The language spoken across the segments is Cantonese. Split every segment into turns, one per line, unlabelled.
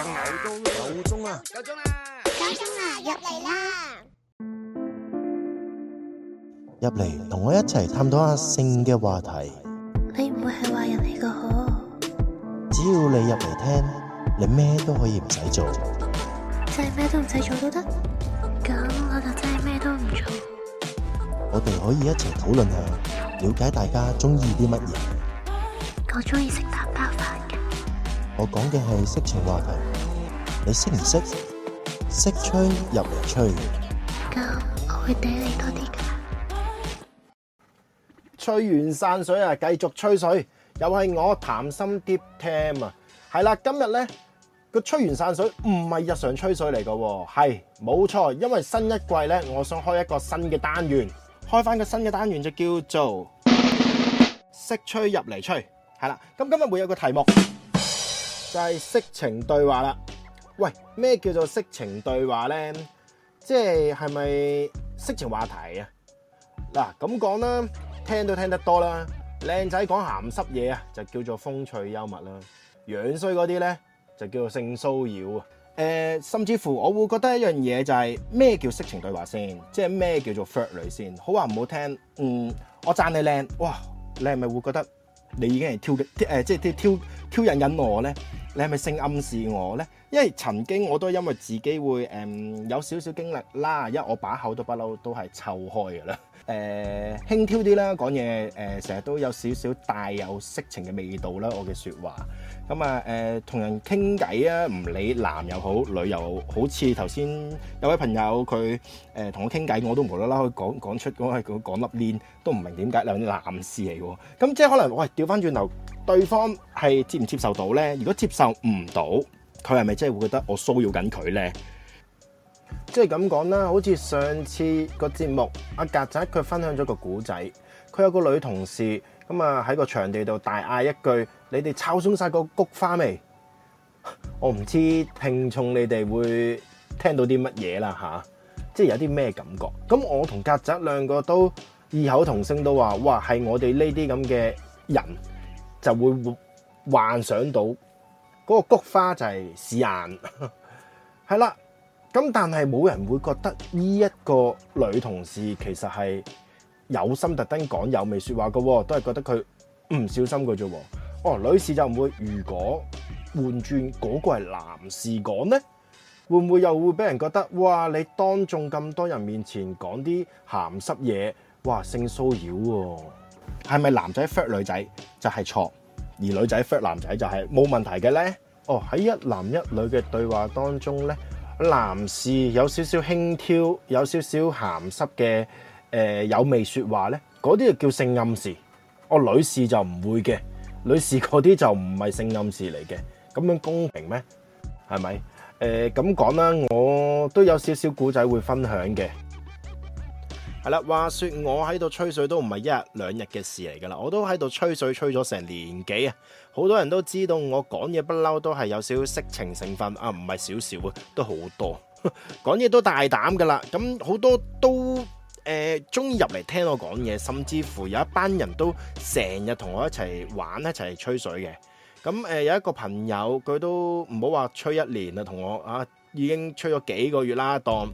有啊！
入嚟啦！
入嚟同我一齊探討阿性嘅話題。
你唔會係話人嚟個好？
只要你入嚟聽，你咩都可以唔使做。即
係咩都唔使做都得？咁我就真係咩都唔做。
我哋可以一齊討論下，了解大家中意啲乜嘢。
我中意食蛋包飯嘅。
我講嘅係色情話題。你識唔識？色吹，入嚟吹。
夠，我會俾你多啲噶。
吹完散水啊，繼續吹水。又係我談深 DeepTam 啊。係啦，今日咧個吹完散水唔係日常吹水嚟噶，係冇錯。因為新一季咧，我想開一個新嘅單元，開翻個新嘅單元就叫做色吹，入嚟吹。係啦，咁今日會有個題目就係色情對話啦。喂，咩叫做色情對話咧？即係係咪色情話題啊？嗱，咁講啦，聽都聽得多啦。靚仔講咸濕嘢啊，就叫做風趣幽默啦。樣衰嗰啲咧，就叫做性騷擾啊。誒、呃，甚至乎我會覺得一樣嘢就係、是、咩叫色情對話先？即係咩叫做溝女先？好話唔好聽，嗯，我讚你靚，哇，你係咪會覺得你已經係挑誒、呃、即係挑挑人引，引我咧？你係是咪是性暗示我呢？因為曾經我都因為自己會、嗯、有少少經歷啦，因為我把口都不嬲都係臭開嘅啦。誒、嗯、輕佻啲啦，講嘢誒，成、嗯、日都有少少帶有色情嘅味道啦，我嘅説話咁啊誒，同、嗯嗯嗯、人傾偈啊，唔理男又好，女又好，好似頭先有位朋友佢誒同我傾偈，我都無啦啦去講講出講係講粒鏈，都唔明點解兩啲男士嚟喎，咁即係可能我係調翻轉頭，對方係接唔接受到咧？如果接受唔到，佢係咪真係會覺得我騷擾緊佢咧？即係咁講啦，好似上次個節目阿曱甴佢分享咗個故仔，佢有個女同事咁啊喺個場地度大嗌一句：你哋抄鬆晒個菊花未？我唔知聽眾你哋會聽到啲乜嘢啦吓，即係有啲咩感覺？咁我同曱甴兩個都異口同聲都話：哇，係我哋呢啲咁嘅人就會幻想到嗰個菊花就係屎眼，係 啦。咁但係冇人會覺得呢一個女同事其實係有心特登講有味説話嘅喎，都係覺得佢唔小心嘅啫。哦，女士就唔會。如果換轉嗰個係男士講咧，會唔會又會俾人覺得哇？你當眾咁多人面前講啲鹹濕嘢，哇，性騷擾喎？係咪男仔 fuck 女仔就係錯，而女仔 fuck 男仔就係冇問題嘅咧？哦，喺一男一女嘅對話當中咧。男士有少少輕佻，有少少鹹濕嘅，誒有味説話咧，嗰啲就叫性暗示。哦，女士就唔會嘅，女士嗰啲就唔係性暗示嚟嘅。咁樣公平咩？係咪？誒咁講啦，我都有少少古仔會分享嘅。係啦，話說我喺度吹水都唔係一日兩日嘅事嚟噶啦，我都喺度吹水吹咗成年幾啊！好多人都知道我講嘢、啊、不嬲，都係有少少色情成分啊，唔係少少啊，都好多講嘢都大膽噶啦。咁好多都誒中意入嚟聽我講嘢，甚至乎有一班人都成日同我一齊玩一齊吹水嘅。咁誒、呃、有一個朋友佢都唔好話吹一年啦，同我啊已經吹咗幾個月啦，當。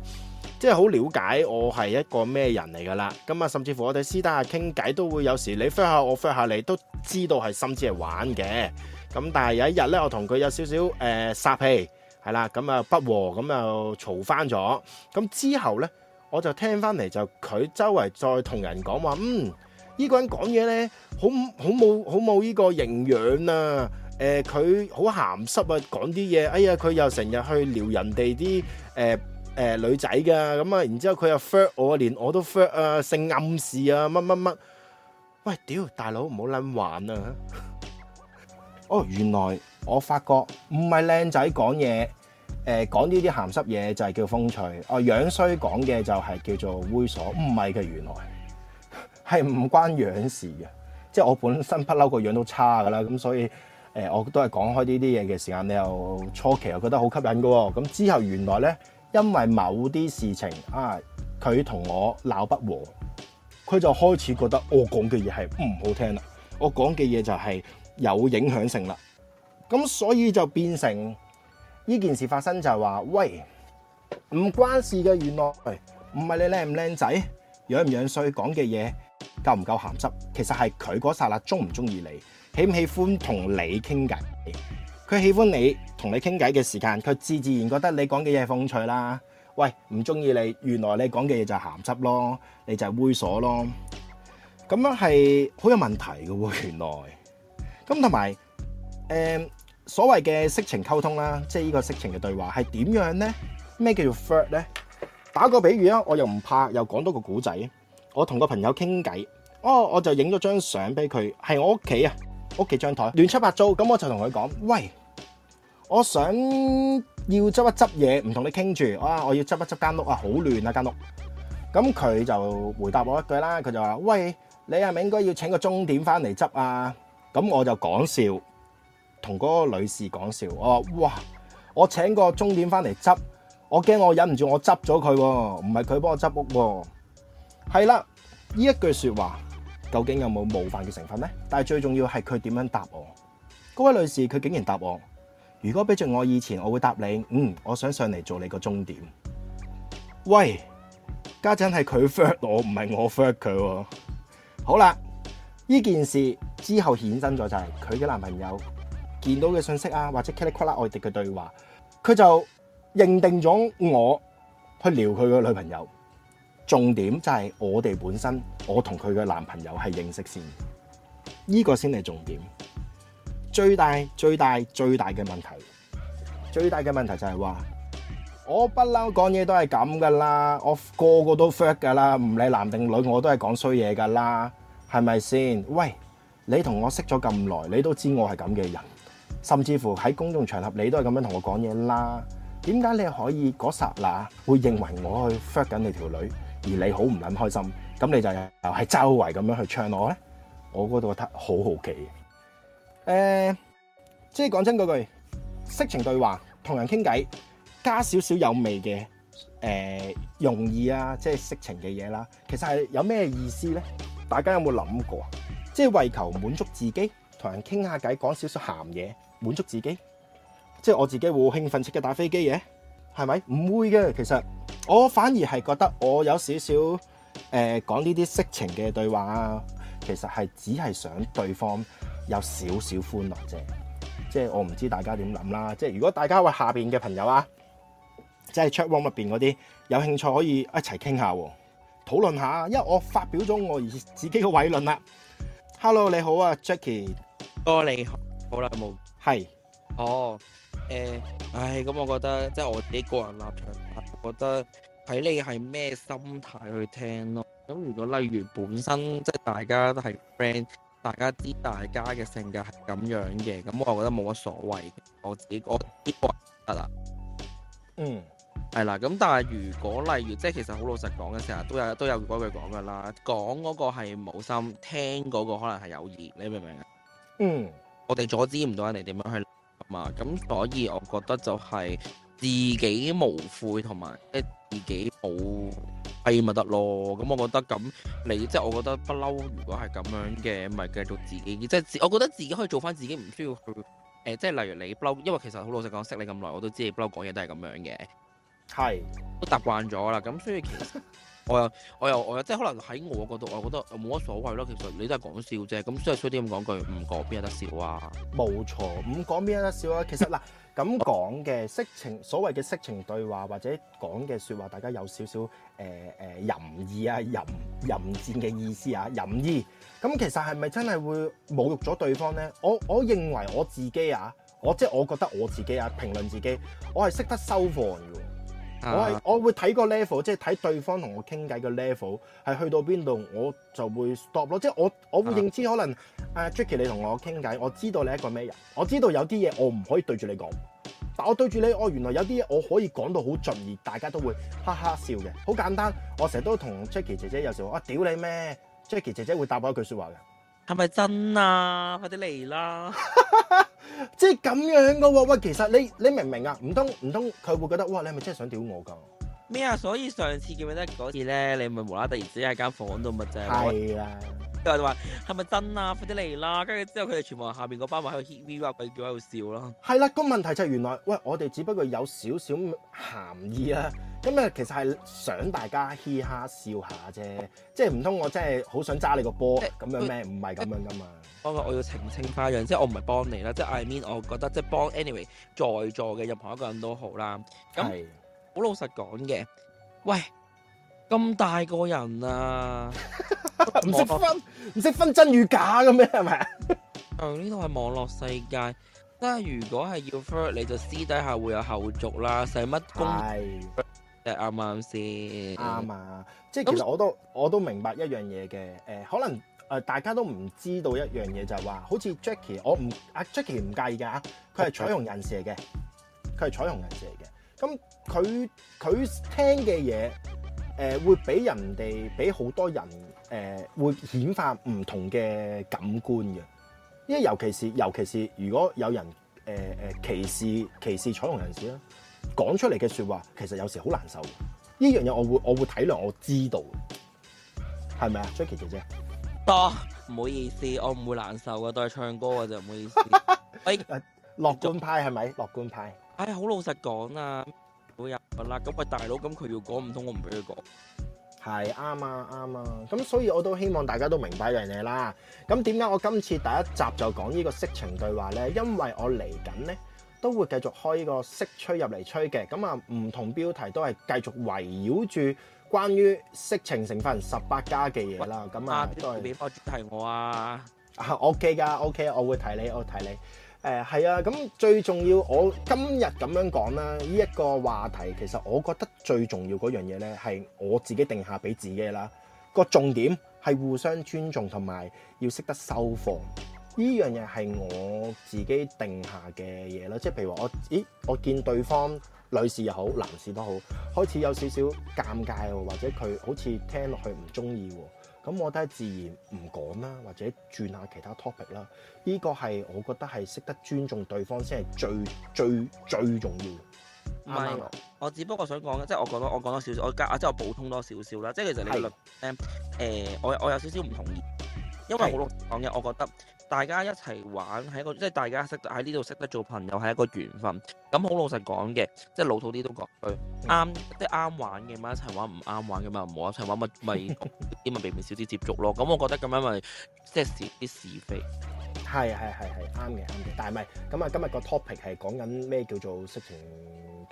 即係好了解我係一個咩人嚟噶啦，咁啊，甚至乎我哋私底下傾偈都會有時你 f 下我 f 下你，都知道係甚至係玩嘅。咁但係有一日呢，我同佢有少少誒殺氣，係啦，咁啊不和，咁啊嘈翻咗。咁之後呢，我就聽翻嚟就佢周圍再同人講話，嗯，呢、這個人講嘢呢，好好冇好冇呢個營養啊！誒、呃，佢好鹹濕啊，講啲嘢，哎呀，佢又成日去撩人哋啲誒。呃誒、呃，女仔噶咁啊，然之後佢又 flirt 我，連我都 flirt 啊，性暗示啊，乜乜乜，喂，屌，大佬唔好捻玩啊！哦，原來我發覺唔係靚仔講嘢，誒、呃，講呢啲鹹濕嘢就係叫風趣，哦、呃，樣衰講嘅就係叫做猥瑣，唔係嘅，原來係唔關樣事嘅，即係我本身不嬲個樣都差噶啦，咁所以誒、呃，我都係講開呢啲嘢嘅時間，你又初期又覺得好吸引噶，咁之後原來咧。因為某啲事情啊，佢同我鬧不和，佢就開始覺得我講嘅嘢係唔好聽啦，我講嘅嘢就係有影響性啦，咁所以就變成呢件事發生就係話，喂，唔關事嘅，原來唔係你靚唔靚仔，樣唔樣衰，講嘅嘢夠唔夠鹹濕，其實係佢嗰剎那中唔中意你，喜唔喜歡同你傾偈。佢喜歡你同你傾偈嘅時間，佢自自然覺得你講嘅嘢風趣啦。喂，唔中意你，原來你講嘅嘢就鹹濕咯，你就係猥瑣咯。咁樣係好有問題嘅喎，原來。咁同埋誒所謂嘅色情溝通啦，即係呢個色情嘅對話係點樣呢？咩叫做 flirt 咧？打個比喻啊，我又唔怕，又講多個古仔。我同個朋友傾偈，哦，我就影咗張相俾佢，係我屋企啊。屋企張台亂七八糟，咁我就同佢講，喂，我想要執一執嘢，唔同你傾住啊！我要執一執間屋啊，好亂啊間屋。咁佢就回答我一句啦，佢就話，喂，你係咪應該要請個鐘點翻嚟執啊？咁我就講笑，同嗰個女士講笑，我話，哇，我請個鐘點翻嚟執，我驚我忍唔住我執咗佢，唔係佢幫我執屋。係啦，呢一句説話。究竟有冇冒犯嘅成分呢？但係最重要係佢點樣答我？嗰位女士佢竟然答我：「如果俾着我以前，我會答你，嗯，我想上嚟做你個終點。喂，家陣係佢 fire 我，唔係我 fire 佢。好啦，呢件事之後衍生咗就係佢嘅男朋友見到嘅信息啊，或者噼里呱啦外迪嘅對話，佢就認定咗我去撩佢嘅女朋友。重點就係我哋本身，我同佢嘅男朋友係認識先，呢個先係重點。最大、最大、最大嘅問題，最大嘅問題就係話，我不嬲講嘢都係咁噶啦，我個個都 fuck 噶啦，唔理男定女我都係講衰嘢噶啦，係咪先？喂，你同我識咗咁耐，你都知我係咁嘅人，甚至乎喺公眾場合你都係咁樣同我講嘢啦。點解你可以嗰剎那會認為我去 fuck 緊你條女？而你好唔捻開心，咁你就喺周圍咁樣去唱我咧，我嗰度覺得好好奇嘅。誒，即係講真嗰句，色情對話同人傾偈，加少少有味嘅誒容易啊，即係色情嘅嘢啦。其實係有咩意思咧？大家有冇諗過？即係為求滿足自己，同人傾下偈，講少少鹹嘢，滿足自己。即係我自己會興奮，即係打飛機嘅。係咪唔會嘅？其實我反而係覺得我有少少誒講呢啲色情嘅對話啊，其實係只係想對方有少少歡樂啫。即係我唔知大家點諗啦。即係如果大家話下邊嘅朋友啊，即係 chat room 入邊嗰啲有興趣可以一齊傾下討論下，因為我發表咗我自己嘅偉論啦。Hello，你好啊，Jackie，多、oh, 你好，好啦，
有冇？係，哦。誒，唉，咁我覺得即係我自己個人立場，我覺得睇你係咩心態去聽咯。咁如果例如本身即係大家都係 friend，大家知大家嘅性格係咁樣嘅，咁我覺得冇乜所謂。我自己我啲個人覺得啦，嗯，係啦。咁但係如果例如即係其實好老實講嘅，時候，都有都有句講噶啦，講嗰個係冇心，聽嗰個可能係有意，你明唔明啊？
嗯，
我哋阻止唔到人哋點樣去。咁，所以我覺得就係自己無悔同埋誒自己冇弊咪得咯。咁我覺得咁你即係、就係、我覺得不嬲，如果係咁樣嘅，咪繼續自己。即、就、係、係、我覺得自己可以做翻自己，唔需要去誒。即、呃、係、就係、例如你不嬲，因為其實好老實講，識你咁耐，我都知你不嬲講嘢都係咁樣嘅。係，都習慣咗啦。咁所以其實。我又我又我又即係可能喺我角度，我又覺得冇乜所謂咯。其實你都係講笑啫。咁所以衰啲咁講句，唔講邊有得笑啊？冇
錯，唔講邊有得笑啊？其實嗱咁講嘅色情，所謂嘅色情對話或者講嘅說話，大家有少少誒誒、呃呃、淫意啊、淫淫賤嘅意思啊、淫意。咁其實係咪真係會侮辱咗對方咧？我我認為我自己啊，我即係、就是、我覺得我自己啊，評論自己，我係識得收貨嘅我係我會睇個 level，即係睇對方同我傾偈嘅 level 係去到邊度，我就會 stop 咯。即係我我會認知可能啊、uh -huh. uh, Jackie 你同我傾偈，我知道你係一個咩人，我知道有啲嘢我唔可以對住你講，但我對住你，我、哦、原來有啲嘢我可以講到好盡，而大家都會哈哈笑嘅。好簡單，我成日都同 Jackie 姐姐有時我啊屌你咩 Jackie 姐姐會答我一句説話嘅。
係咪真啊？快啲嚟啦！
即係咁樣嘅喎，喂，其實你你明唔明啊？唔通唔通佢會覺得，哇，你係咪真係想屌我噶？
咩啊？所以上次叫咩咧？嗰次咧，你咪無啦啦突然之間喺間房度乜啫？係啦，佢哋話係咪真啊？快啲嚟啦！跟住之後佢哋全部喺下邊個班咪喺度 hit V，話佢叫喺度笑咯。
係啦，個問題就係原來，喂，我哋只不過有少少含義啊。咁啊，其實係想大家嘻哈笑，笑下啫，即係唔通我真係好想揸你個波咁樣咩？唔係咁樣㗎嘛。
不過我我要澄清翻樣，即係我唔係幫你啦，即係 I mean 我覺得即係幫 anyway 在座嘅任何一個人都好啦。咁好老實講嘅，喂咁大個人啊，唔 識分
唔識分真與假咁咩？係咪？
啊呢度係網絡世界，但係如果係要 friend 你就私底下會有後續啦，使乜公？啱啱先，啱啊！
即係其實我都我都明白一樣嘢嘅，誒，可能誒大家都唔知道一樣嘢就係話，好似 Jackie，我唔阿、啊、Jackie 唔介意㗎，佢係彩虹人士嚟嘅，佢係彩虹人士嚟嘅。咁佢佢聽嘅嘢，誒、呃，會俾人哋俾好多人，誒、呃，會顯化唔同嘅感官嘅。因為尤其是尤其是如果有人，誒、呃、誒歧視歧視彩虹人士啦。講出嚟嘅說話，其實有時好難受。呢樣嘢我會我會體諒，我知道，係咪啊，Jackie 姐
姐？得、哦，唔好意思，我唔會難受噶，都係唱歌噶就唔好意思。誒 、
哎，樂觀派係咪？樂觀派。
哎，好老實講啊，冇人。嗱，咁個大佬，咁佢要講唔通，我唔俾佢講。係啱啊啱啊，
咁所以我都希望大家都明白樣嘢啦。咁點解我今次第一集就講呢個色情對話咧？因爲我嚟緊咧。都會繼續開呢個色吹入嚟吹嘅，咁啊唔同標題都係繼續圍繞住關於色情成分十八加嘅嘢啦。咁
啊，代表波接我啊。
啊，OK 噶，OK，我會提你，我會提你。誒、呃，係啊，咁最重要，我今日咁樣講啦，呢、這、一個話題其實我覺得最重要嗰樣嘢咧，係我自己定下俾自己啦。個重點係互相尊重同埋要識得收貨。呢樣嘢係我自己定下嘅嘢啦。即係譬如話我，咦，我見對方女士又好，男士都好，開始有少少尷尬或者佢好似聽落去唔中意喎，咁我都係自然唔講啦，或者轉下其他 topic 啦。呢個係我覺得係識得尊重對方先係最最最重要。唔
係，我只不過想講，即係我覺得我講多少少，我即係我補充多少少啦。即係其實你論咧、呃，我我有少少唔同意，因為我講嘢我覺得。大家一齊玩係一個，即係大家識喺呢度識得做朋友係一個緣分。咁好老實講嘅，即係老土啲都講句啱，即係啱玩嘅嘛，一齊玩，唔啱玩嘅嘛，唔好一齊玩，咪咪因為避免少啲接觸咯。咁我覺得咁樣咪即係啲是非。
係係係係，啱嘅啱嘅，但係咪？咁啊？今日個 topic 係講緊咩叫做色情？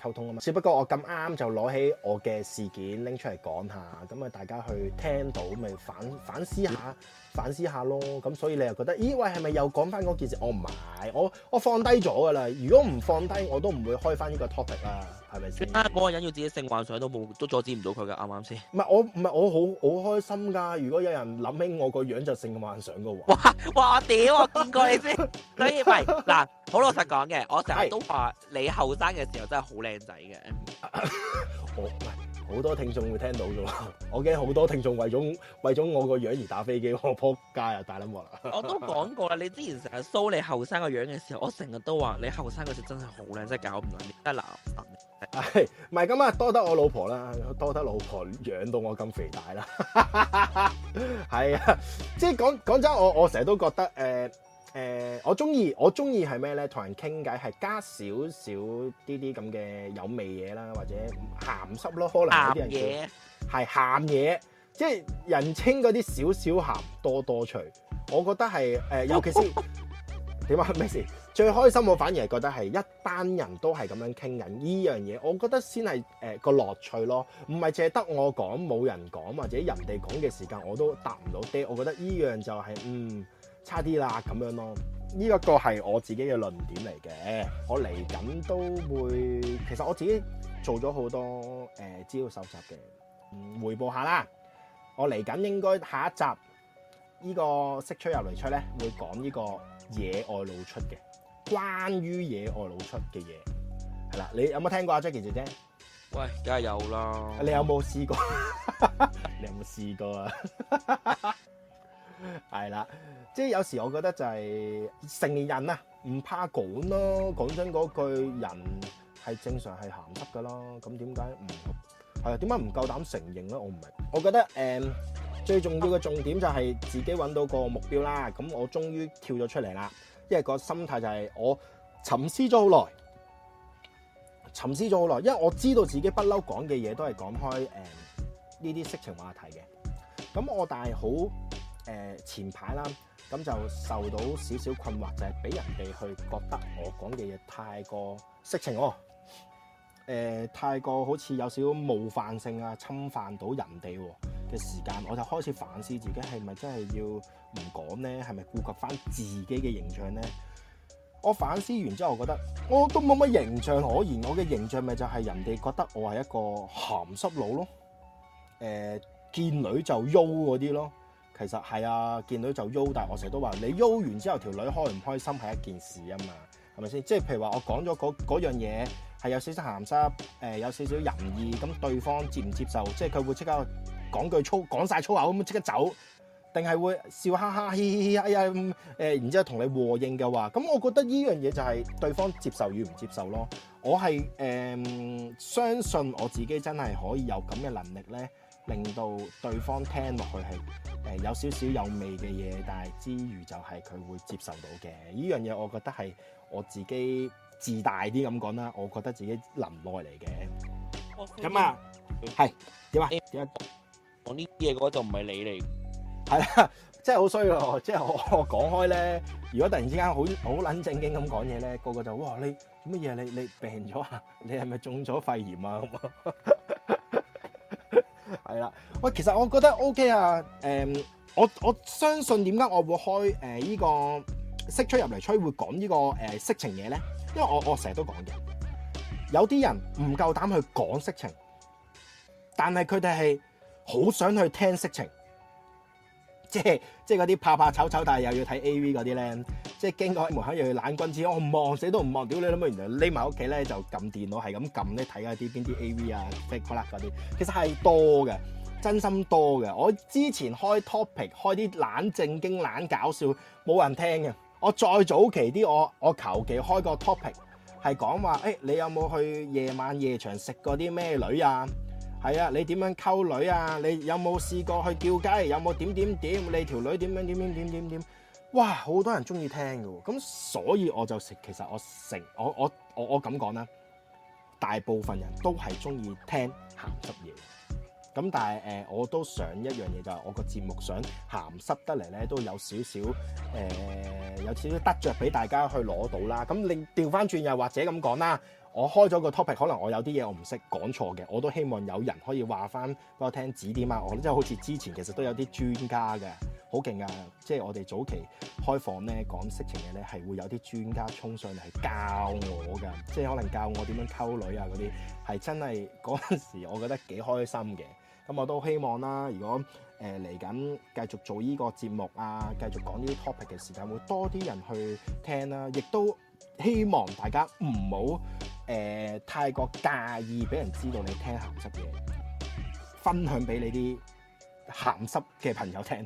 溝通啊嘛，只不過我咁啱就攞起我嘅事件拎出嚟講下，咁啊大家去聽到咪反反思下反思下咯，咁所以你又覺得，咦喂，係咪又講翻嗰件事？我唔係，我我放低咗噶啦，如果唔放低，我都唔會開翻呢個 topic 啦。
係咪先？嗱，嗰個人要自己性幻想都冇，都阻止唔到佢噶，啱啱先？
唔係我，唔係我，好，好開心噶。如果有人諗起我個樣就性幻想嘅喎。哇
哇！我屌，我見過你先。所以唔係嗱，好老實講嘅，我成日都話你後生嘅時候真係 好靚仔嘅。
好多聽眾會聽到咗，我驚好多聽眾為咗為咗我個樣而打飛機，我撲街啊！大撚鑊啦！我都講
過啦， 你之前成日騷你後生個樣嘅時候，我成日都話你後生嗰時候真係好靚，真係搞唔掂，真得男。係
唔係咁啊？多得我老婆啦，多得老，老婆養到我咁肥大啦。係 啊，即係講講真，我我成日都覺得誒。呃誒、呃，我中意我中意係咩咧？同人傾偈係加少少啲啲咁嘅有味嘢啦，或者鹹濕咯，可能啲樣嘢係鹹嘢，即係人稱嗰啲少少鹹多多趣。我覺得係誒、呃，尤其是點啊？咩、哦、事？最開心我反而係覺得係一班人都係咁樣傾緊呢樣嘢、呃，我覺得先係誒個樂趣咯。唔係淨係得我講冇人講，或者人哋講嘅時間我都答唔到啲。我覺得呢樣就係、是、嗯。差啲啦咁樣咯，呢、這、一個係我自己嘅論點嚟嘅。我嚟緊都會，其實我自己做咗好多誒資料搜集嘅、嗯，回報下啦。我嚟緊應該下一集呢、這個色吹入嚟吹咧，會講呢個野外露出嘅，關於野外露出嘅嘢係啦。你有冇聽過阿、啊、Jackie 姐姐？
喂，梗係有啦。你有冇
試過？ 你有冇試過啊？ 係啦，即係有時我覺得就係成年人啊，唔怕講咯。講真嗰句，人係正常係鹹濕噶啦。咁點解唔係啊？點解唔夠膽承認咧？我唔明。我覺得誒、嗯，最重要嘅重點就係自己揾到個目標啦。咁我終於跳咗出嚟啦。因為個心態就係我沉思咗好耐，沉思咗好耐，因為我知道自己不嬲講嘅嘢都係講開誒呢啲色情話題嘅。咁我但係好。誒前排啦，咁就受到少少困惑，就係、是、俾人哋去覺得我講嘅嘢太過色情喎，太過好似有少少冒犯性啊，侵犯到人哋嘅時間，我就開始反思自己係咪真係要唔講咧？係咪顧及翻自己嘅形象咧？我反思完之後覺，我我覺得我都冇乜形象可言，我嘅形象咪就係人哋覺得我係一個鹹濕佬咯，誒見女就喐嗰啲咯。其實係啊，見到就喐。但係我成日都話你喐完之後，條女開唔開心係一件事啊嘛，係咪先？即係譬如話，我講咗嗰樣嘢係有少少鹹濕，誒有少少淫意，咁對方接唔接受？即係佢會即刻講句粗講曬粗口咁即刻走，定係會笑哈哈嘻嘻嘻，哎呀誒，然之後同你和應嘅話，咁我覺得呢樣嘢就係對方接受與唔接受咯。我係誒、嗯、相信我自己真係可以有咁嘅能力咧。令到對方聽落去係誒有少少有味嘅嘢，但係之餘就係佢會接受到嘅。呢樣嘢我覺得係我自己自大啲咁講啦，我覺得自己林內嚟嘅。
咁、哦、啊，係點啊？點解？講呢啲嘢嗰度唔係你嚟，
係啦，真係好衰咯！即、嗯、係、就是、我講開咧，如果突然之間好好撚正經咁講嘢咧，個個就哇你做乜嘢？你你病咗啊？你係咪中咗肺炎啊？咁。 係啦，喂，其實我覺得 OK 啊，誒、嗯，我我相信點解我會開誒呢個色吹入嚟吹，會講呢個誒色情嘢咧？因為我我成日都講嘅，有啲人唔夠膽去講色情，但係佢哋係好想去聽色情，即係即係嗰啲怕怕丑醜，但係又要睇 AV 嗰啲咧。即係經過門口又要懶君子，我望死都唔望。屌你諗乜？原來匿埋屋企咧就撳電腦，係咁撳咧睇下啲邊啲 A V 啊，AV，即係嗰啲。其實係多嘅，真心多嘅。我之前開 topic，開啲懶正經、懶搞笑，冇人聽嘅。我再早期啲，我我求其開個 topic 係講話，誒、欸、你有冇去夜晚夜場食過啲咩女啊？係啊，你點樣溝女啊？你有冇試過去叫雞？有冇點點點？你條女點樣點點點點點？哇，好多人中意聽嘅喎，咁所以我就成，其實我成，我我我我咁講啦，大部分人都係中意聽鹹濕嘢，咁但係誒、呃，我都想一樣嘢就係我個節目想鹹濕得嚟咧，都有少少誒，有少少得着俾大家去攞到啦。咁你調翻轉又或者咁講啦，我開咗個 topic，可能我有啲嘢我唔識講錯嘅，我都希望有人可以話翻俾我聽，指點啊。我即係好似之前其實都有啲專家嘅。好勁㗎！即係我哋早期開房咧，講色情嘢咧，係會有啲專家沖上嚟教我㗎，即係可能教我點樣溝女啊嗰啲，係真係嗰陣時我覺得幾開心嘅。咁我都希望啦，如果誒嚟緊繼續做呢個節目啊，繼續講呢啲 topic 嘅時間，會多啲人去聽啦、啊。亦都希望大家唔好、呃、太過介意，俾人知道你聽鹹濕嘢，分享俾你啲鹹濕嘅朋友聽。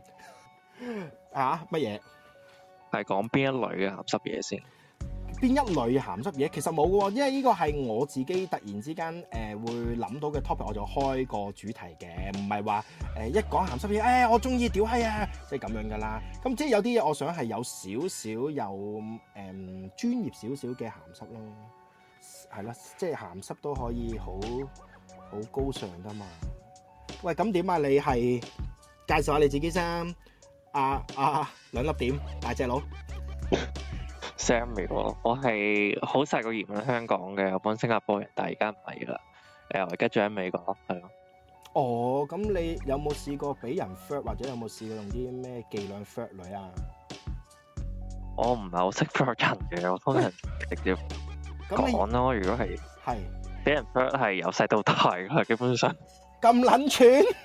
吓、啊，乜嘢係講邊一類嘅鹹濕嘢先？
邊一類鹹濕嘢？其實冇嘅，因為呢個係我自己突然之間誒、呃、會諗到嘅 topic，我就開個主題嘅，唔係話誒一講鹹濕嘢誒我中意屌閪啊，即係咁樣噶啦。咁即係有啲嘢，我想係有少少有誒專、呃、業少少嘅鹹濕咯，係啦，即係鹹濕都可以好好高尚噶嘛。喂，咁點啊？你係介紹下你自己先。啊啊，兩粒點大隻佬
，Sam 嚟個，我係好細個移民香港嘅，我本身新加坡人，但係而家唔係啦，又而家住喺美國係咯。
哦，咁你有冇試過俾人 fuck 或者有冇試過用啲咩伎倆 fuck 女啊？
我唔係好識 fuck 人嘅，我通常直接講咯。如果係，係俾人 fuck 係由細到大啦，基本上
咁捻串。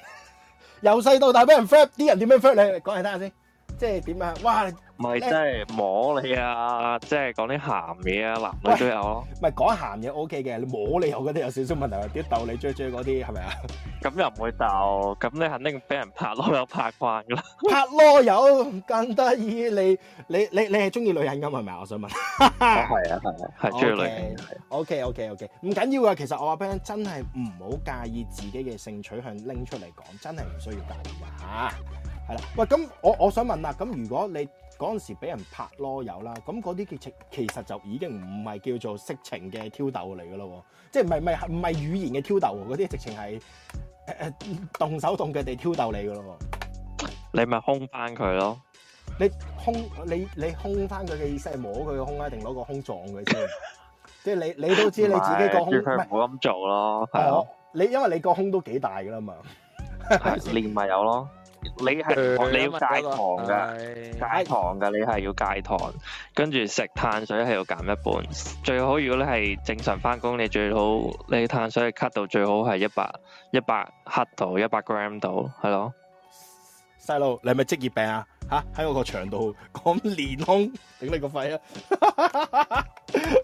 由細到大俾人 flap，啲人點樣 flap 你？講嚟聽下先，即係點呀？哇！
唔係，即係摸你啊你即係講啲鹹嘢啊，男女都有咯、啊。
唔係講鹹嘢 O K 嘅，你摸你，我覺得有少少問題。點逗你追追嗰
啲係咪啊咁又唔會逗，咁你肯定俾人拍囉柚拍慣噶啦。
拍囉柚更得意，你你你你係中意女人噶係咪我想問？
係、 哦、啊，係啊，係中意女
人。O K O K O K 唔緊要啊。其實我話俾你聽，真係唔好介意自己嘅性取向，拎出嚟講，真係唔需要介意啊！吓，係啦。喂，咁我我想問啦，咁如果你。嗰陣時俾人拍囌有啦，咁嗰啲劇情其實就已經唔係叫做色情嘅挑逗嚟噶咯，即係唔係唔係唔係語言嘅挑逗喎，嗰啲直情係誒誒動手動腳地挑逗你噶咯，
你咪空翻佢咯，
你空你你空翻佢嘅意思係摸佢個胸啊，定攞個胸撞
佢先？
即係你你都知你自己個胸唔唔好
咁做咯，係咯，
你因為你個胸都幾大噶啦嘛，
你唔咪有咯。你係、呃、你要戒糖噶，嗰個，戒糖噶，你係要戒糖，跟住食碳水係要減一半，最好如果你係正常翻工，你最好你碳水係 cut 到最好係一百一百克度，一百 gram 度，係咯。
細
路，你係咪職業病啊？
吓，喺我個牆度咁連通，頂你個肺啊！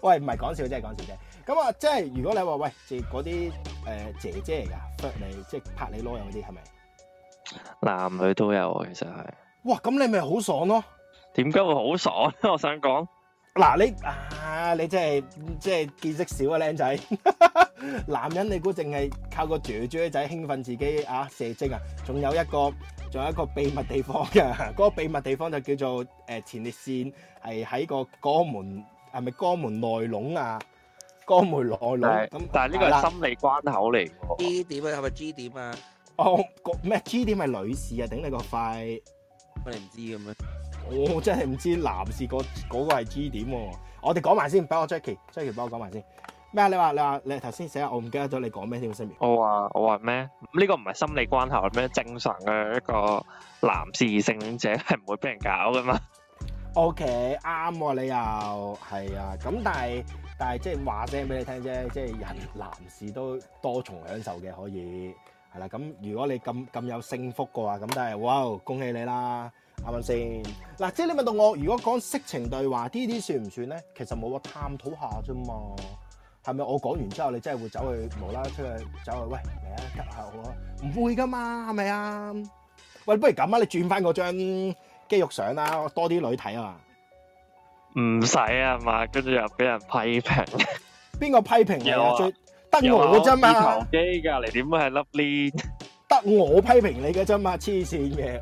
喂，唔係講笑，真係講笑啫。咁啊，即係如果你話喂，即係嗰啲誒姐姐嚟噶你，即係拍你攞樣嗰啲，係咪？
男女都有啊，其實係。哇，咁你咪好爽咯？點解會好爽咧？我想講，嗱、啊，你
啊，你真係即係見識少啊，靚仔。 男人你估淨係靠個雀雀仔興奮自己啊？射精啊？仲有一個，仲有一個秘密地方㗎？嗰、那個秘密地方就叫做誒、呃，前列腺係喺個肛門係咪肛門內籠啊？肛門內籠。咁但係呢個係心
理關口嚟。G 點啊？係咪 G 點啊？
咩、哦、G 點係女士啊？頂你個肺！我哋唔知咁樣、哦那個那個啊。我真係唔知，男士嗰嗰個係 G 點。我哋講埋先，俾我 Jackie，Jackie 幫我講埋先。咩啊？你話你話你頭先寫，我唔記得咗你講咩添？我話
我話咩？呢、這個唔係心理關頭咩？正常嘅一個男士性戀者係唔會俾人搞噶嘛。
O K，啱，你又係啊。咁但係但係即係話聲俾你聽啫，即、就、係、是、人男士都多重享受嘅，可以。係啦，咁如果你咁咁有勝福嘅話，咁都係哇，恭喜你啦，啱唔啱先？嗱，即係你問到我，如果講色情對話，算算呢啲算唔算咧？其實冇話探討下啫嘛，係咪？我講完之後，你真係會走去無啦啦出去，出去走去喂嚟啊，吉下好啊？唔會噶嘛，係咪啊？喂，不如咁啊，你轉翻嗰張肌肉相啦，多啲女睇啊嘛。
唔使啊嘛，跟住又俾人批評。
邊個批評啊？有啊。
得我啫嘛！投機噶，你點會係 love 呢？
得我批評你嘅啫嘛，黐線嘅！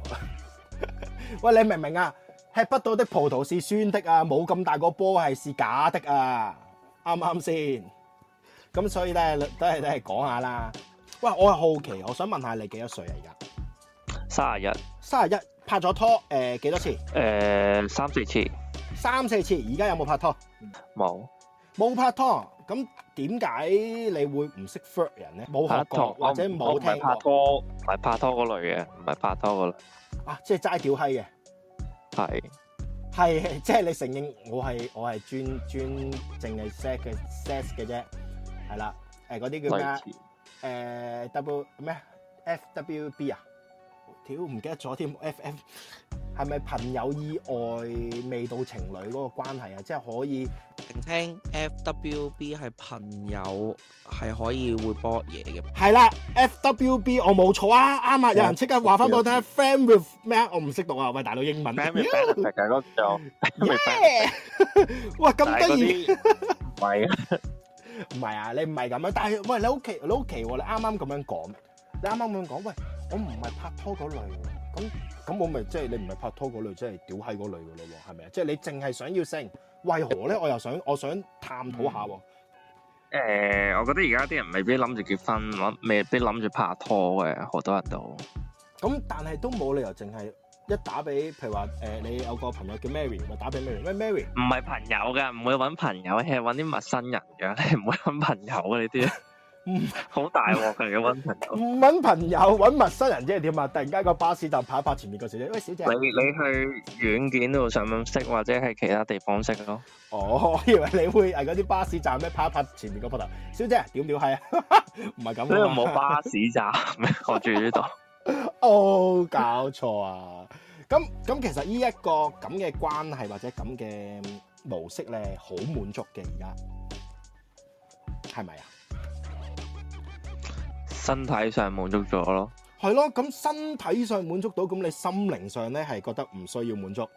喂，你明唔明啊？吃不到的葡萄是酸的啊，冇咁大個波係是假的啊，啱唔啱先？咁所以咧都係都係講下啦。喂，我係好奇，我想問下你幾多歲啊？而家三
十一，
三十一拍咗拖，誒，幾多次？誒，
三四次。
三四次，而家有冇拍拖？冇。冇拍拖，咁。點解你會唔識 first 人咧？冇學過或者冇聽過，唔係拍
拖，唔係拍拖嗰類嘅，唔係拍拖嗰類。啊，
即係齋屌閪嘅。係係，即係你承認我係我係專專淨係 set 嘅 set 嘅啫。係啦，誒嗰啲叫咩？誒、呃、W 咩？FWB 啊？屌，唔記得咗添？FM 係咪朋友以外未到情侶嗰個關係啊？即係可以
聆聽，聽 FWB 係朋友係可以會播嘢嘅。係啦
，FWB 我冇錯啊，啱啊！有人即刻話翻俾我聽，friend with 咩啊？
我唔識讀啊！
喂，
大佬英文。喂、yeah! yeah! 啊，
哇咁得意！
唔係
啊，唔係啊，你唔係咁樣。但係喂，你屋企，你屋企喎，你啱啱咁樣講，你啱啱咁樣講，喂。我唔係拍拖嗰類，咁咁我咪即係你唔係拍拖嗰類，即係屌閪嗰類㗎咯喎，係咪啊？即係你淨係想要性，為何咧？我又想，我想探討下喎。
誒，我覺得而家啲人未必諗住結婚，諗未必諗住拍拖嘅，好多人都。
咁但係都冇理由淨係一打俾，譬如話誒，你有個朋友叫 Mary，咪打俾 Mary。咩 Mary？
唔係朋友嘅，唔會揾朋友，係揾啲陌生人㗎，你唔會揾朋友㗎呢啲。好大喎！佢哋揾朋友，唔
揾朋友，揾陌生人即係，點啊？突然間個巴士站拍一拍前面個小姐，喂，小姐，
你，你去軟件度上識或者係其他地方識咯？哦，我以為你
會係嗰啲巴士站咧，拍一拍前面個鋪頭，小姐，點點係
啊？唔係咁，我冇巴士站，我住呢度。 哦，
搞錯啊！咁咁，其實呢、這、一個咁嘅關係或者咁嘅模式咧，好滿足嘅，
而家係咪啊？是身體上滿足咗咯，
係咯，咁身體上滿足到，咁你心靈上咧係覺得唔需要滿足。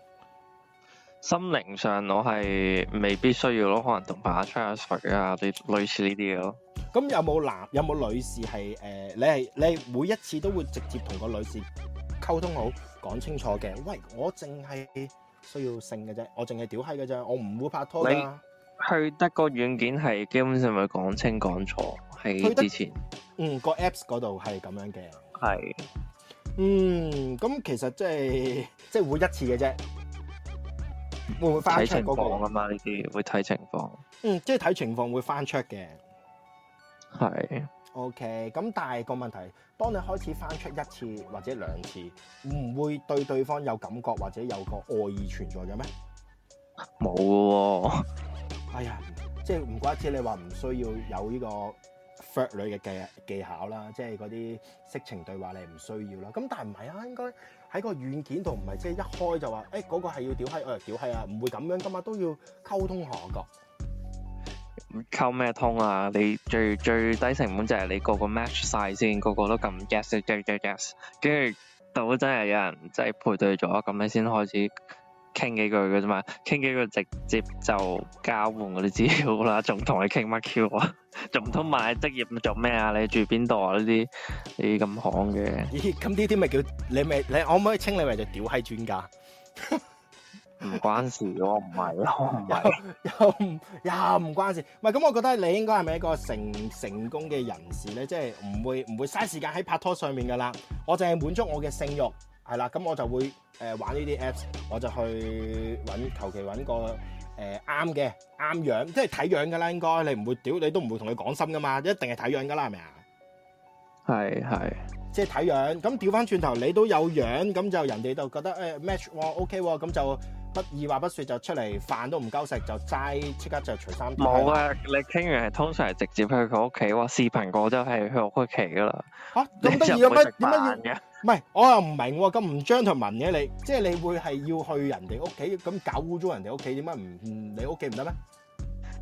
心靈上我係未必需要咯，可能同朋友吹下水啊，類似呢啲嘢咯。
咁有冇男有冇女士係誒？你係你每一次都會直接同個女士溝通好，講清楚嘅。喂，我淨係需要性嘅啫，我淨係屌閪嘅啫，我唔會拍拖嘅。你
去得個軟件係基本上咪講清講楚。係之前，
嗯，個 apps 嗰度係咁樣嘅。係，嗯，咁其實即係即係會一次嘅啫，會唔會翻出 h e c k 嗰個
啊？嘛呢啲會睇情況，
嗯，即係睇情況會翻出嘅，
係
，O K，咁但係個問題，當你開始翻出一次或者兩次，唔會，會對對方有感覺或者有個愛意存在嘅咩？
冇喎、啊，哎呀，
即係唔怪次，你話唔需要有呢、這個。f u 嘅技技巧啦，即係嗰啲色情對話你唔需要啦。咁但係唔係啊？應該喺個軟件度唔係即係一開就話，誒、欸、嗰、那個係要屌閪，我屌閪啊！唔會咁樣噶嘛，都要溝通下個
溝咩通啊？你最最低成本就係你個個 match 曬先，個個都撳 g a e s g u s g u s g u s 跟住到真係有人真係配對咗，咁你先開始。傾幾句嘅啫嘛，傾幾句直接就交換嗰啲資料啦，仲同你傾乜 Q 啊？仲唔通問你職業做咩啊？你住邊度啊？呢啲 你咁行嘅？咦，咁呢啲咪叫你咪你，可唔可以稱你為就屌閪專家？唔關事咯，唔係咯，又唔
又唔關事。唔係咁，我，我覺得你應該係咪一個成成功嘅人士咧？即係唔會唔會嘥時間喺拍拖上面噶啦，我淨係滿足我嘅性欲。係啦，咁我就會誒玩呢啲 Apps，我就去揾求其揾個誒啱嘅啱樣，即係睇樣㗎啦。應該你唔會屌，你都唔會同佢講心㗎嘛，一定係睇樣㗎啦，係咪啊？
係係，
即係睇樣。咁調翻轉頭，你都有樣，咁就人哋就覺得誒 match 喎，OK 喎，咁就。不二話不說就出嚟，飯都唔夠食就齋，即刻就除衫。冇啊！
你傾完係通常係直接去佢屋企，或視頻過就係去屋企噶啦。
吓咁得意，點解點解要？唔 係我又唔明、啊，咁唔將紳士嘅你，即係你會係要去人哋屋企，咁搞污糟人哋屋企，點解唔你屋企唔得咩？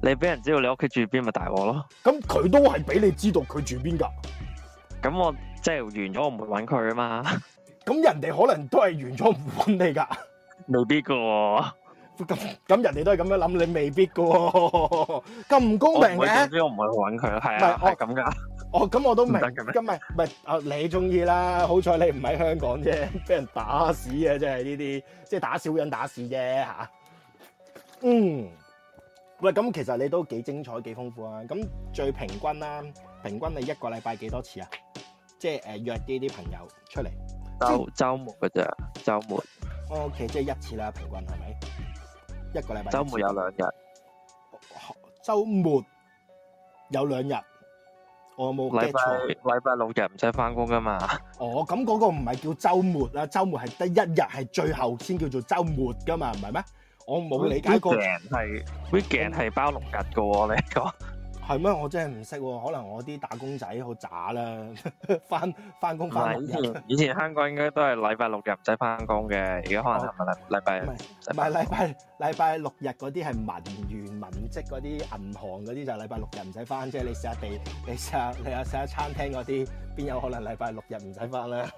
你俾、啊、人知道你屋企住邊咪大鑊咯？
咁佢都係俾你知道佢住邊噶。
咁我即係、就是、完咗，我唔會搵佢啊嘛。
咁 人哋可能都係完咗唔搵你噶。未必噶，咁咁人哋都係咁樣諗，你未必噶，咁唔公平嘅。我唔會，我唔會去揾佢咯。係啊，係咁噶。我咁我都明，咁咪咪啊，你中意啦，好彩你唔喺香港啫，俾人打死啊，真係呢啲，即係打小人打死啫吓。
嗯，
喂，咁其實你都幾精彩，幾豐富啊。咁最平均啦，平均你一個禮拜幾多次啊？即係誒，約啲啲朋友出嚟。
週週末噶啫，週末。
哦，其實即係一次啦，平均係咪一個禮拜，週末有兩日，週末有兩日，我冇記錯，禮拜
禮拜六日唔使返工噶嘛？
哦，咁嗰個唔係叫週末啦，週末係得一日，係最後先叫做週末噶嘛？唔係咩？我冇理解過。weekend
係 weekend 係包六日噶喎，你講。
係咩？我真係唔識喎，可能我啲打工仔好渣啦，翻翻工翻六日。以
前，以前香港應該都係禮拜六日唔使翻工嘅，而家可
能禮拜拜禮拜禮拜拜六日嗰啲係文員文職嗰啲、銀行嗰啲就禮拜六日唔使翻啫。你試下地，你試下有試下餐廳嗰啲。邊有可能禮拜六日唔使翻啦？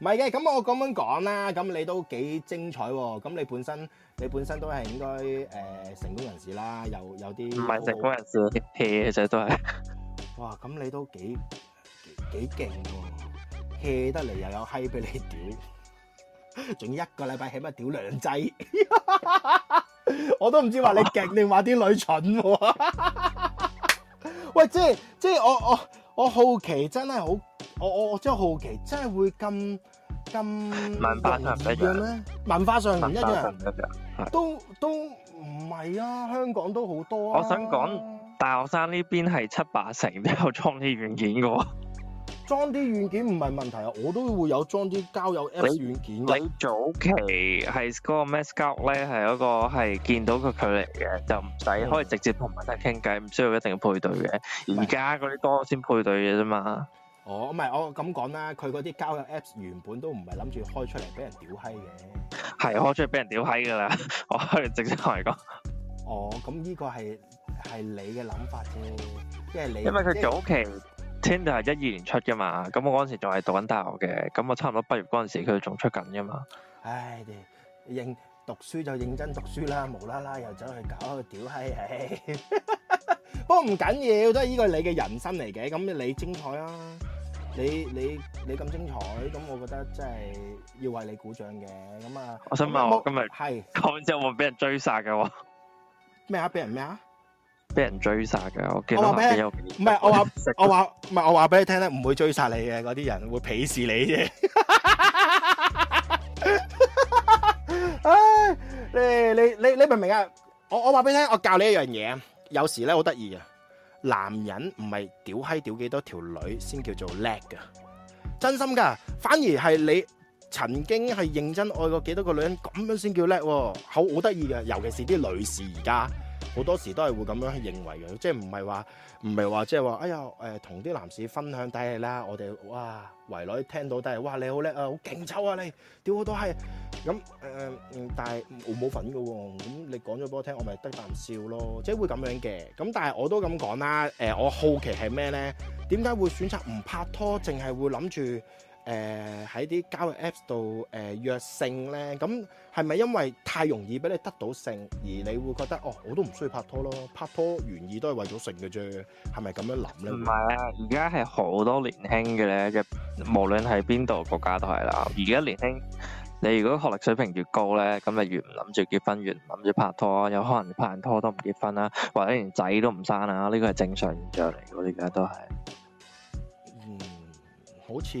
唔係嘅，咁我咁樣講啦，咁你都幾精彩喎！咁你本身，你本身都係應該誒、呃、成功人士啦，又有啲唔係成功人
士 hea 嘅啫都係。
哇！咁你都幾幾勁喎 hea 得嚟又有閪俾你屌，仲一個禮拜起碼屌兩劑？ 我都唔知話你勁定話啲女蠢。 喂，即係即係我我。我我好奇真係好，我我我真係好奇真係，真係會咁咁文化上唔一樣咩？文化上唔一,一,一樣，都係都唔係啊！香港都好多啊！我想講，
大學生呢邊係七八成都有創意軟件嘅喎。
裝啲軟件唔係問題啊，我都會有裝啲交友 Apps
軟件你。你早期係嗰個 Maskout 咧，係一個係見到個距離嘅，就唔使、嗯、可以直接同人哋傾偈，唔需要一定要配對嘅。而家嗰啲歌先配對嘅啫嘛。
哦，唔係，我咁講啦，佢嗰啲交友 Apps 原本都唔係諗住開出嚟俾人屌閪嘅，
係開出嚟俾人屌閪噶啦。 我可以直接同你講。哦，
咁呢個係係你嘅諗法啫，即、就、係、是、你因為佢早期。
Tinder 係一二年出噶嘛，咁我嗰陣時仲係讀緊大學嘅，咁我差唔多畢業嗰陣時佢仲出緊噶嘛。
唉，認讀書就認真讀書啦，無啦啦又走去搞個屌閪，嘿。不過唔緊要，都係呢個你嘅人生嚟嘅，咁你精彩啊！你你你咁精彩，咁我覺得真係要為你鼓掌嘅，咁啊。
我想問我今日係講完之後會唔會俾人追殺嘅喎？咩啊？俾人咩啊？俾人追殺噶，我記得唔係
我話我話唔係我話俾你聽咧，唔會追殺你嘅嗰啲人會鄙視你啫。唉，你你你你明唔明啊？我我話俾你聽，我教你一樣嘢，有時咧好得意啊，男人唔係屌閪屌幾多條女先叫做叻噶，真心噶，反而係你曾經係認真愛過幾多個女人咁樣先叫叻，好好得意嘅，尤其是啲女士而家。好多時都係會咁樣去認為嘅，即係唔係話唔係話即係話，哎呀誒，同、呃、啲男士分享低啦，我哋哇圍女聽到低，哇你好叻啊，好勁抽啊你，屌好多係咁誒，但係我冇份㗎喎，咁你講咗俾我聽，我咪得啖笑咯，即係會咁樣嘅，咁但係我都咁講啦，誒、呃、我好奇係咩咧？點解會選擇唔拍拖，淨係會諗住？誒喺啲交友 Apps 度誒、呃、約性咧，咁係咪因為太容易俾你得到性，而你會覺得哦，我都唔需要拍拖咯，拍拖原意都係為咗性嘅啫，係咪咁樣諗咧？唔係啊，
而家係好多年輕嘅咧，無論係邊度國家都係啦。而家年輕，你如果學歷水平越高咧，咁咪越唔諗住結婚，越唔諗住拍拖，有可能拍完拖都唔結婚啦，或者連仔都唔生啦，呢個係正常現象嚟嘅，而家都係。
好似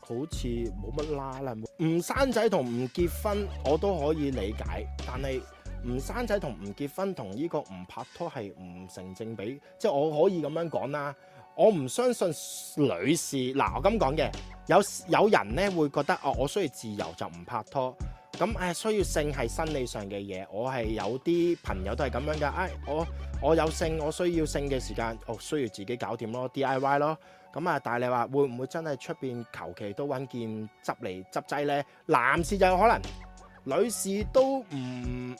好似冇乜啦啦，唔生仔同唔結婚我都可以理解，但係唔生仔同唔結婚同呢個唔拍拖係唔成正比，即係我可以咁樣講啦。我唔相信女士，嗱我咁講嘅有有人呢會覺得哦，我需要自由就唔拍拖，咁誒需要性係生理上嘅嘢，我係有啲朋友都係咁樣嘅。誒、哎、我我有性我需要性嘅時間，我需要自己搞掂咯，DIY 咯。咁啊！但係你話會唔會真係出面求其都揾件執嚟執劑呢？男士就可能，女士都唔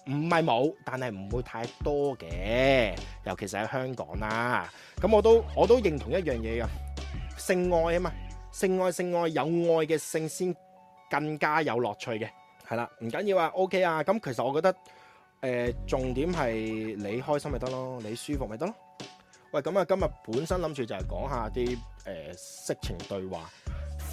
唔係冇，但係唔會太多嘅。尤其是喺香港啦。咁我都我都認同一樣嘢嘅，性愛啊嘛，性愛性愛有愛嘅性先更加有樂趣嘅。係啦，唔緊要啊，OK 啊。咁其實我覺得，誒，重點係你開心咪得咯，你舒服咪得咯。喂，咁啊，今日本身諗住就係講下啲。誒，色情對話，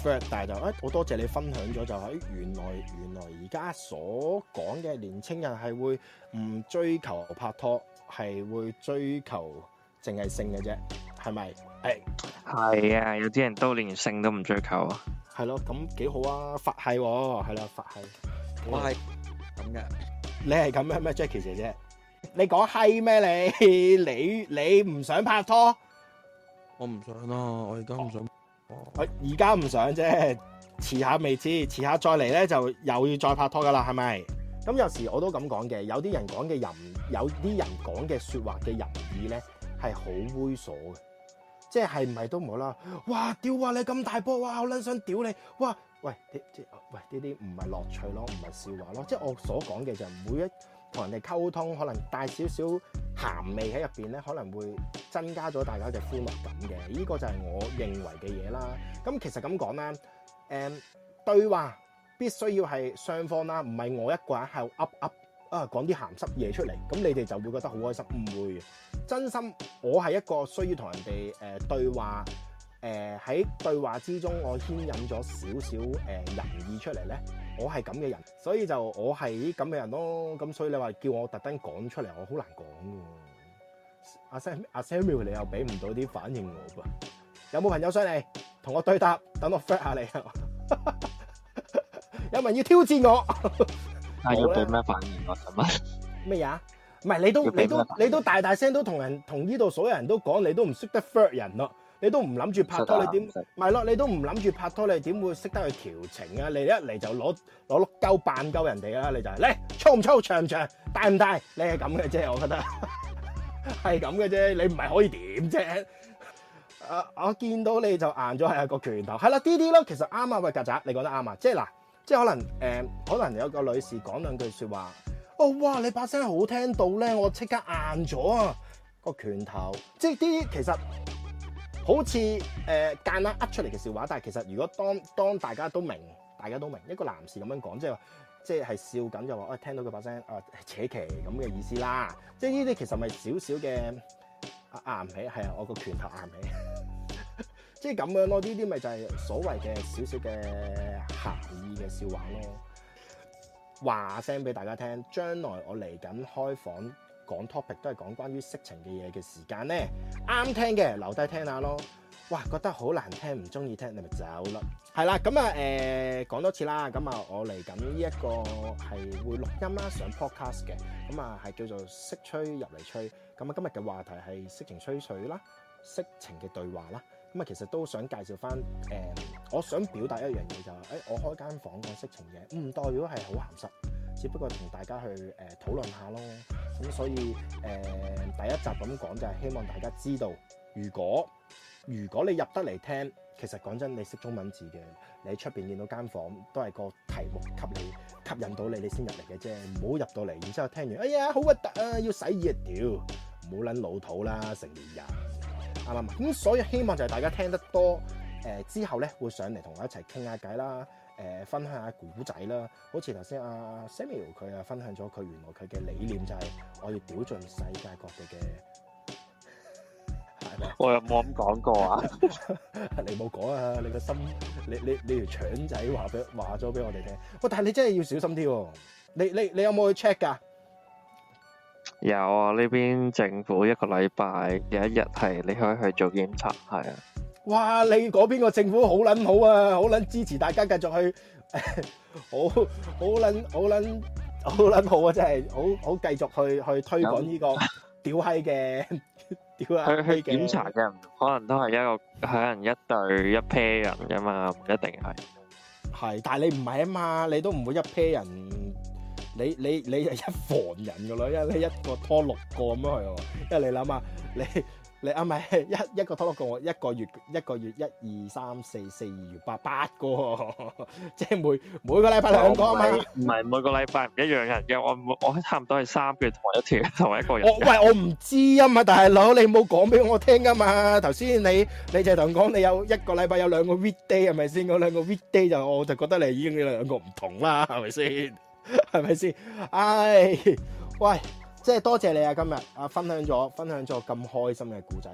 但係就誒，好、哎、多謝你分享咗就喺原來原來而家所講嘅年青人係會唔追求拍拖，係會追求淨係性嘅啫，係咪？
誒、哎，係啊，有啲人都連性都唔追求
啊，係咯，咁幾好啊，佛系，哦、係，係啦，佛系，
我係咁嘅，
你係咁咩？Jackie 姐姐，你講閪咩？你你你唔想拍拖？
我唔想啦，我而家唔想。
喂、哦，而家唔想啫，遲下未知，遲下再嚟咧就又要再拍拖噶啦，係咪？咁有時我都咁講嘅，有啲人講嘅淫，有啲人講嘅說話嘅淫意咧係好猥瑣嘅，即係唔係都唔好啦。哇，屌話哇你咁大波，哇好捻想屌你，哇喂！即係喂呢啲唔係樂趣咯，唔係笑話咯，即係我所講嘅就係每一同人哋溝通，可能大少少。鹹味喺入邊咧，可能會增加咗大家一隻歡樂感嘅，呢、呢個就係我認為嘅嘢啦。咁其實咁講咧，誒對話必須要係雙方啦，唔係我一個人喺度噏噏啊講啲鹹濕嘢出嚟，咁你哋就會覺得好開心，唔會。真心我係一個需要同人哋誒對話。誒、呃、喺對話之中，我牽引咗少少誒仁義出嚟咧。我係咁嘅人，所以就我係啲咁嘅人咯。咁所以你話叫我特登講出嚟，我好難講噶。阿 Sam，阿 Samuel，你又俾唔到啲反應我喎噃？有冇朋友上嚟同我對答？等我 flirt 下你 有人要挑戰我？
啊！要俾咩反應我？我什麼？
咩嘢？唔係你都你都你都，你都大大聲都同人同呢度所有人都講，你都唔識得 flirt 人咯～你都唔諗住拍拖，你點？咪咯，你都唔諗住拍拖，你點會識得去調情啊？你一嚟就攞攞碌鳩扮鳩人哋啦、啊，你就嚟粗唔粗，長唔長，大唔大，你係咁嘅啫，我覺得係咁嘅啫，你唔係可以點啫？啊！我見到你就硬咗，係個拳頭，係啦，啲啲咯，其實啱啊，喂曱甴，你覺得啱啊，即係嗱，即係可能誒、呃，可能有個女士講兩句説話，哦哇，你把聲好聽到咧，我即刻硬咗啊個拳頭，即係啲其實。好似誒間硬噏出嚟嘅笑話，但係其實如果當當大家都明，大家都明一個男士咁樣講，即係即係笑緊就話，喂、哎、聽到佢把聲，啊扯旗咁嘅意思啦，即係呢啲其實咪少少嘅硬起，係啊，啊我個拳頭硬、啊、起， 即係咁樣咯，呢啲咪就係所謂嘅少少嘅含義嘅笑話咯。話聲俾大家聽，將來我嚟緊開房。講 topic 都係講關於色情嘅嘢嘅時間咧，啱聽嘅留低聽下咯。哇，覺得好難聽，唔中意聽，你咪走咯。係啦，咁啊誒講多次啦。咁啊，我嚟緊呢一個係會錄音啦，上 podcast 嘅。咁啊係叫做色吹入嚟吹。咁啊今日嘅話題係色情吹水啦，色情嘅對話啦。咁啊其實都想介紹翻誒、呃，我想表達一樣嘢就係、是欸，我開間房講色情嘢唔代表係好鹹濕，只不過同大家去誒、呃、討論下咯。咁所以誒、呃、第一集咁講就係希望大家知道，如果如果你入得嚟聽，其實講真你識中文字嘅，你喺出邊見到間房都係個題目吸你吸引到你，你先入嚟嘅啫。唔好入到嚟，然之後聽完，哎呀好核突啊，要洗熱料，唔好撚老土啦，成年人，啱唔啱啊？咁所以希望就係大家聽得多誒、呃、之後咧，會上嚟同我一齊傾下偈啦。誒，分享下古仔啦，好似頭先阿 Samuel 佢啊，分享咗佢原來佢嘅理念就係我要屌盡世界各地
嘅，係、嗯、咪？我有冇咁講過啊，
你冇講啊，你個心，你你你條腸仔話俾話咗俾我哋聽。喂、哦，但係你真係要小心啲喎，你你你有冇去 check 噶？
有啊，呢邊政府一個禮拜有一日係你可以去做檢測，係啊。
哇！你嗰邊個政府好撚好啊，好撚支持大家繼續去，好好撚好撚好撚好啊！真係好好繼續去去推廣呢個屌閪嘅屌啊。去去檢查嘅
可能都係一個可能一對一 pair 人噶嘛，唔一定係。
係，但係你唔係啊嘛，你都唔會一 pair 人，你你你係一房人噶啦，因為你一個拖六個咁樣去喎，因為你諗下，你。你啱、啊、咪？一一個托落過我一個月一個月一二三四四二月八八個，呵呵即係每每個禮拜兩個啊嘛？
唔係每個禮拜唔一樣人嘅，我我差唔多係三個月同一條同一個人。我喂，我唔
知啊嘛，大佬你冇講俾我聽噶嘛？頭先你你就同講你有一個禮拜有兩個 weekday 係咪先？嗰兩個 weekday 就我就覺得你已經有兩個唔同啦，係咪先？係咪先？唉、哎，喂！即係多謝你啊！今日啊，分享咗分享咗咁開心嘅故仔。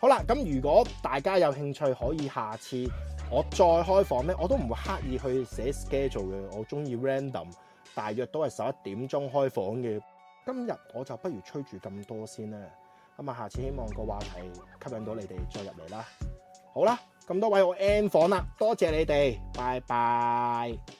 好啦，咁如果大家有興趣，可以下次我再開房咧，我都唔會刻意去寫 schedule 嘅。我中意 random，大約都係十一點鐘開房嘅。今日我就不如吹住咁多先啦。咁啊，下次希望個話題吸引到你哋再入嚟啦。好啦，咁多位我 end 房啦，多謝你哋，拜拜。